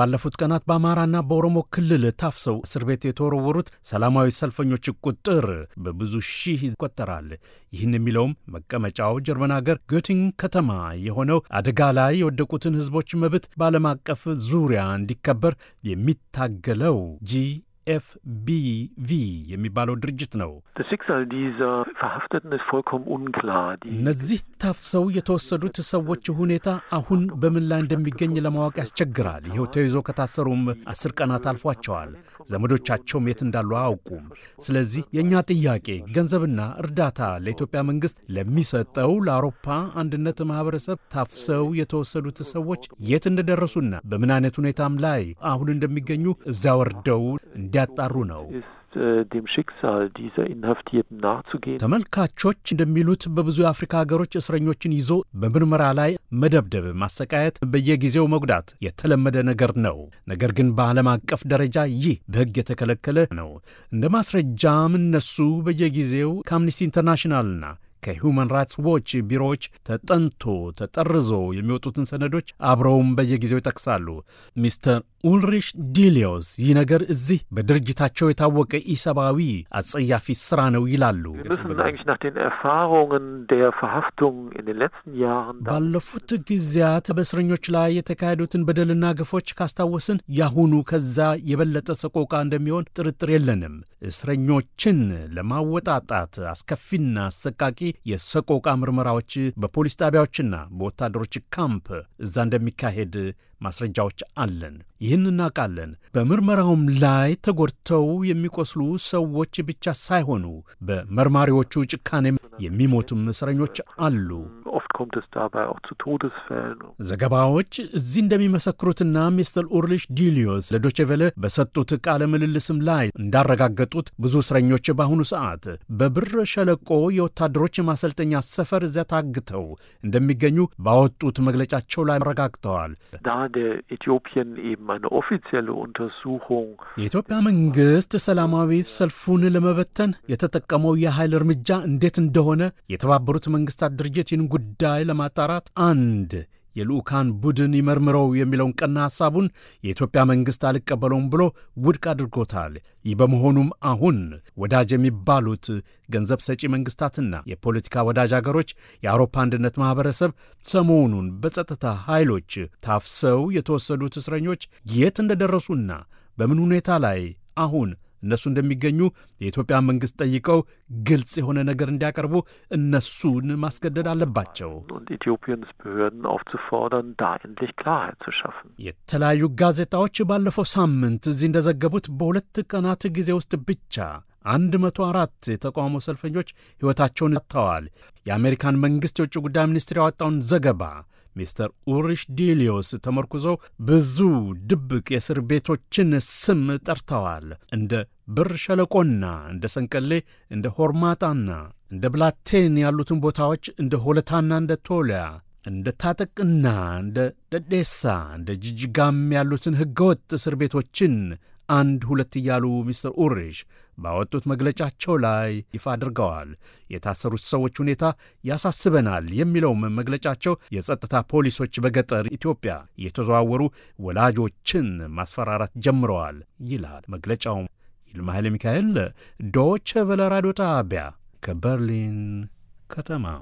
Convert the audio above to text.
ባለፉት ቀናት በአማራና በኦሮሞ ክልል ታፍሰው እስር ቤት የተወረወሩት ሰላማዊ ሰልፈኞች ቁጥር በብዙ ሺህ ይቆጠራል። ይህን የሚለውም መቀመጫው ጀርመን አገር ጎቲንግ ከተማ የሆነው አደጋ ላይ የወደቁትን ሕዝቦች መብት በዓለም አቀፍ ዙሪያ እንዲከበር የሚታገለው ጂ ኤፍቢቪ የሚባለው ድርጅት ነው። uh, እነዚህ ታፍሰው የተወሰዱት ሰዎች ሁኔታ አሁን በምን ላይ እንደሚገኝ ለማወቅ ያስቸግራል። ይኸው ተይዞ ከታሰሩም አስር ቀናት አልፏቸዋል። ዘመዶቻቸውም የት እንዳሉ አያውቁም። ስለዚህ የእኛ ጥያቄ ገንዘብና እርዳታ ለኢትዮጵያ መንግሥት ለሚሰጠው ለአውሮፓ አንድነት ማህበረሰብ ታፍሰው የተወሰዱት ሰዎች የት እንደደረሱና በምን አይነት ሁኔታም ላይ አሁን እንደሚገኙ እዚያ ወርደው እንዲ እያጣሩ ነው። äh, ተመልካቾች እንደሚሉት በብዙ የአፍሪካ ሀገሮች እስረኞችን ይዞ በምርመራ ላይ መደብደብ፣ ማሰቃየት፣ በየጊዜው መጉዳት የተለመደ ነገር ነው። ነገር ግን በዓለም አቀፍ ደረጃ ይህ በሕግ የተከለከለ ነው። እንደ ማስረጃም እነሱ በየጊዜው ከአምኒስቲ ኢንተርናሽናልና ከሁማን ራይትስ ዎች ቢሮዎች ተጠንቶ ተጠርዞ የሚወጡትን ሰነዶች አብረውም በየጊዜው ይጠቅሳሉ። ሚስተር ኡልሪሽ ዲሊዮስ ይህ ነገር እዚህ በድርጅታቸው የታወቀ ኢሰብአዊ አጸያፊ ስራ ነው ይላሉ። ባለፉት ጊዜያት በእስረኞች ላይ የተካሄዱትን በደልና ግፎች ካስታወስን ያሁኑ ከዛ የበለጠ ሰቆቃ እንደሚሆን ጥርጥር የለንም። እስረኞችን ለማወጣጣት አስከፊና አሰቃቂ የሰቆቃ ምርመራዎች በፖሊስ ጣቢያዎችና በወታደሮች ካምፕ እዛ እንደሚካሄድ ማስረጃዎች አለን። ይህን እናውቃለን። በምርመራውም ላይ ተጎድተው የሚቆስሉ ሰዎች ብቻ ሳይሆኑ በመርማሪዎቹ ጭካኔ የሚሞቱም እስረኞች አሉ። ዘገባዎች እዚህ እንደሚመሰክሩትና ሚስተር ኡርሊሽ ዲሊዮስ ለዶቼቬለ በሰጡት ቃለ ምልልስም ላይ እንዳረጋገጡት ብዙ እስረኞች በአሁኑ ሰዓት በብር ሸለቆ የወታደሮች ማሰልጠኛ ሰፈር እዚያ ታግተው እንደሚገኙ ባወጡት መግለጫቸው ላይ አረጋግጠዋል። የኢትዮጵያ መንግስት ሰላማዊ ሰልፉን ለመበተን የተጠቀመው የኃይል እርምጃ እንዴት እንደሆነ እንደሆነ የተባበሩት መንግሥታት ድርጅት ጉዳይ ለማጣራት አንድ የልዑካን ቡድን ይመርምረው የሚለውን ቀና ሐሳቡን የኢትዮጵያ መንግሥት አልቀበለውም ብሎ ውድቅ አድርጎታል። ይህ በመሆኑም አሁን ወዳጅ የሚባሉት ገንዘብ ሰጪ መንግሥታትና የፖለቲካ ወዳጅ አገሮች የአውሮፓ አንድነት ማኅበረሰብ ሰሞኑን በጸጥታ ኃይሎች ታፍሰው የተወሰዱት እስረኞች የት እንደደረሱና በምን ሁኔታ ላይ አሁን እነሱ እንደሚገኙ የኢትዮጵያ መንግስት ጠይቀው ግልጽ የሆነ ነገር እንዲያቀርቡ እነሱን ማስገደድ አለባቸው። የተለያዩ ጋዜጣዎች ባለፈው ሳምንት እዚህ እንደዘገቡት በሁለት ቀናት ጊዜ ውስጥ ብቻ አንድ መቶ አራት የተቃውሞ ሰልፈኞች ሕይወታቸውን አጥተዋል። የአሜሪካን መንግሥት የውጭ ጉዳይ ሚኒስትር ያወጣውን ዘገባ ሚስተር ኡሪሽ ዲሊዮስ ተመርኩዘው ብዙ ድብቅ የእስር ቤቶችን ስም ጠርተዋል። እንደ ብር ሸለቆና እንደ ሰንቀሌ፣ እንደ ሆርማጣና እንደ ብላቴን ያሉትን ቦታዎች እንደ ሆለታና እንደ ቶሊያ እንደ ታጠቅና እንደ ደዴሳ እንደ ጅጅጋም ያሉትን ሕገወጥ እስር ቤቶችን አንድ ሁለት እያሉ ሚስተር ኡሪሽ ባወጡት መግለጫቸው ላይ ይፋ አድርገዋል። የታሰሩት ሰዎች ሁኔታ ያሳስበናል የሚለውም መግለጫቸው የጸጥታ ፖሊሶች በገጠር ኢትዮጵያ እየተዘዋወሩ ወላጆችን ማስፈራራት ጀምረዋል ይላል መግለጫውም። ይልማ ኃይለ ሚካኤል ዶቼ ቬለ ራዲዮ ጣቢያ ከበርሊን ከተማ